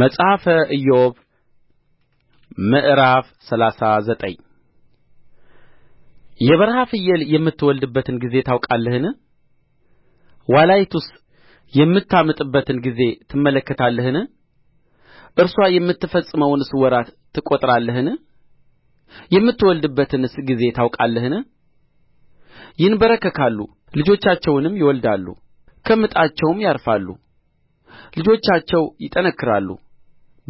መጽሐፈ ኢዮብ ምዕራፍ ሰላሳ ዘጠኝ የበረሃ ፍየል የምትወልድበትን ጊዜ ታውቃለህን? ዋላይቱስ የምታምጥበትን ጊዜ ትመለከታለህን? እርሷ የምትፈጽመውንስ ወራት ትቈጥራለህን? የምትወልድበትንስ ጊዜ ታውቃለህን? ይንበረከካሉ ልጆቻቸውንም ይወልዳሉ ከምጣቸውም ያርፋሉ ልጆቻቸው ይጠነክራሉ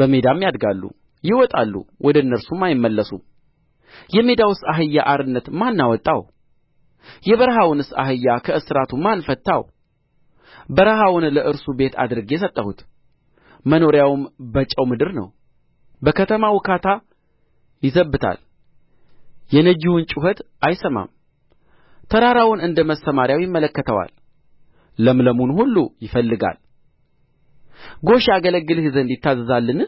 በሜዳም ያድጋሉ ይወጣሉ ወደ እነርሱም አይመለሱም የሜዳውስ አህያ አርነት ማን አወጣው የበረሃውንስ አህያ ከእስራቱ ማን ፈታው በረሃውን ለእርሱ ቤት አድርጌ ሰጠሁት መኖሪያውም በጨው ምድር ነው በከተማ ውካታ ይዘብታል የነጂውን ጩኸት አይሰማም ተራራውን እንደ መሰምርያው ይመለከተዋል ለምለሙን ሁሉ ይፈልጋል ጎሽ ያገለግልህ ዘንድ ይታዘዛልን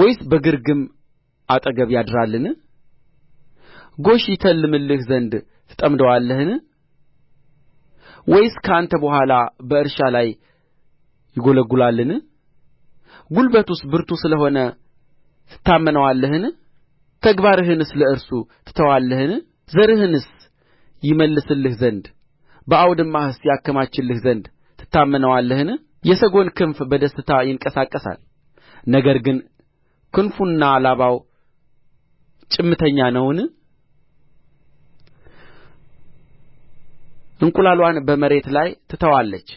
ወይስ በግርግም አጠገብ ያድራልን ጎሽ ይተልምልህ ዘንድ ትጠምደዋለህን ወይስ ከአንተ በኋላ በእርሻ ላይ ይጐለጕላልን ጕልበቱስ ብርቱ ስለ ሆነ ትታመነዋለህን ተግባርህንስ ለእርሱ ትተዋለህን ዘርህንስ ይመልስልህ ዘንድ በአውድማህስ ያከማችልህ ዘንድ ትታመነዋለህን የሰጐን ክንፍ በደስታ ይንቀሳቀሳል ነገር ግን ክንፉና ላባው ጭምተኛ ነውን እንቍላልዋን በመሬት ላይ ትተዋለች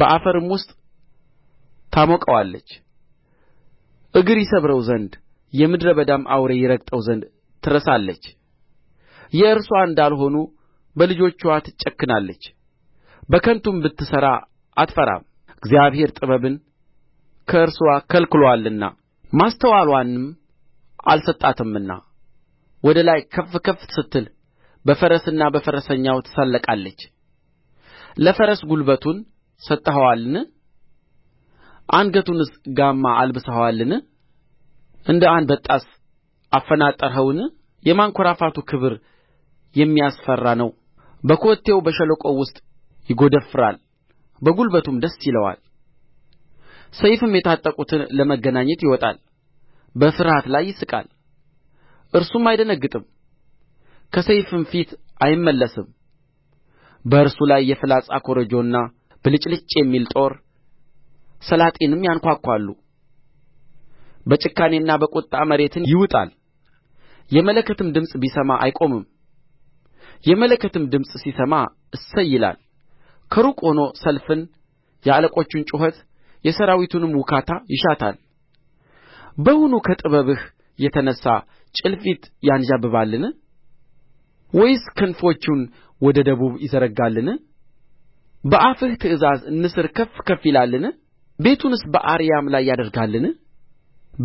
በአፈርም ውስጥ ታሞቀዋለች እግር ይሰብረው ዘንድ የምድረ በዳም አውሬ ይረግጠው ዘንድ ትረሳለች የእርስዋ እንዳልሆኑ በልጆችዋ ትጨክናለች በከንቱም ብትሠራ አትፈራም እግዚአብሔር ጥበብን ከእርስዋ ከልክሎአልና ማስተዋልንም አልሰጣትምና ወደ ላይ ከፍ ከፍ ስትል በፈረስና በፈረሰኛው ትሳለቃለች ለፈረስ ጕልበቱን ሰጥተኸዋልን አንገቱንስ ጋማ አልብሰኸዋልን እንደ አንበጣስ አፈናጠርኸውን የማንኰራፋቱ ክብር የሚያስፈራ ነው በኮቴው በሸለቆው ውስጥ ይጐደፍራል በጕልበቱም ደስ ይለዋል ሰይፍም የታጠቁትን ለመገናኘት ይወጣል በፍርሃት ላይ ይስቃል እርሱም አይደነግጥም ከሰይፍም ፊት አይመለስም በእርሱ ላይ የፍላጻ ኮረጆና ብልጭልጭ የሚል ጦር ሰላጢንም ያንኳኳሉ በጭካኔና በቍጣ መሬትን ይውጣል የመለከትም ድምፅ ቢሰማ አይቆምም የመለከትም ድምፅ ሲሰማ እሰይ ይላል ከሩቅ ሆኖ ሰልፍን የአለቆቹን ጩኸት የሠራዊቱንም ውካታ ይሻታል በውኑ ከጥበብህ የተነሣ ጭልፊት ያንዣብባልን ወይስ ክንፎቹን ወደ ደቡብ ይዘረጋልን በአፍህ ትእዛዝ ንስር ከፍ ከፍ ይላልን ቤቱንስ በአርያም ላይ ያደርጋልን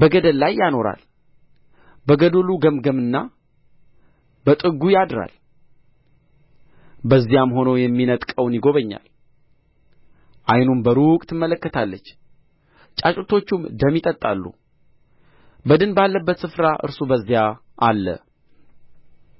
በገደል ላይ ያኖራል በገደሉ ገመገምና በጥጉ ያድራል በዚያም ሆኖ የሚነጥቀውን ይጐበኛል ዓይኑም በሩቅ ትመለከታለች ጫጩቶቹም ደም ይጠጣሉ በድን ባለበት ስፍራ እርሱ በዚያ አለ